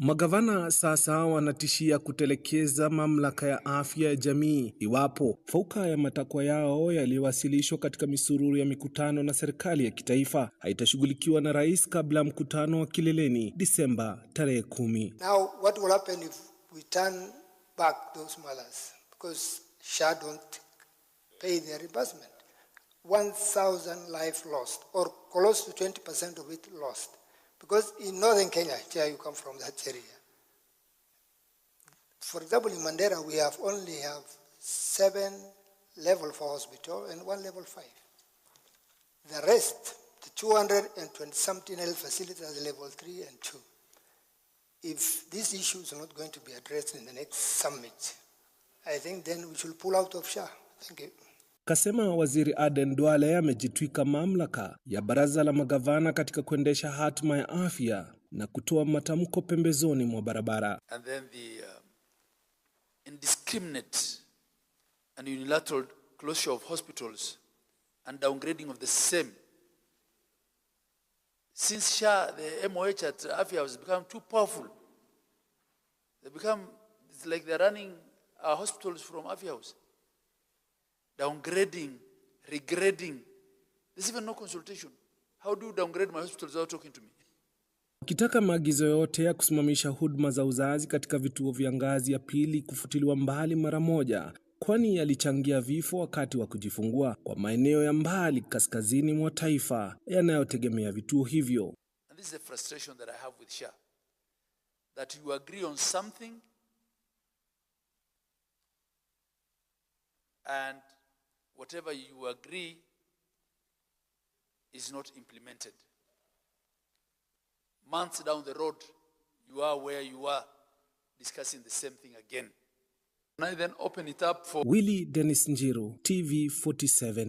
Magavana sasa wanatishia kutelekeza mamlaka ya afya ya jamii iwapo fauka ya matakwa yao yaliyowasilishwa katika misururu ya mikutano na serikali ya kitaifa haitashughulikiwa na rais kabla ya mkutano wa kileleni Disemba tarehe kumi. Now what will happen if we turn back those matters because SHA don't pay their reimbursement 1000 life lost or close to 20% of it lost Because in northern Kenya, here you come from that area. For example, in Mandera, we have only have seven level four hospital and one level five. The rest, the 220 something health facilities are level three and two. If this issue is not going to be addressed in the next summit, I think then we should pull out of SHA. Thank you. Kasema waziri Aden Duale amejitwika mamlaka ya baraza la magavana katika kuendesha hatima ya afya na kutoa matamko pembezoni mwa barabara. And then the, uh, indiscriminate and unilateral closure of hospitals and downgrading of the same since SHA, the MOH at Afya has become too powerful. They become, it's like they're running our uh, hospitals from Afya House downgrading, regrading. There's even no consultation. How do you downgrade my hospital without talking to me? Ukitaka maagizo yote ya kusimamisha huduma za uzazi katika vituo vya ngazi ya pili kufutiliwa mbali mara moja, kwani yalichangia vifo wakati wa kujifungua kwa maeneo ya mbali kaskazini mwa taifa yanayotegemea vituo hivyo. And this is the frustration that I have with SHA that you agree on something and whatever you agree is not implemented. Months down the road, you are where you are discussing the same thing again. And I then open it up for Willie Dennis Njiru, TV 47.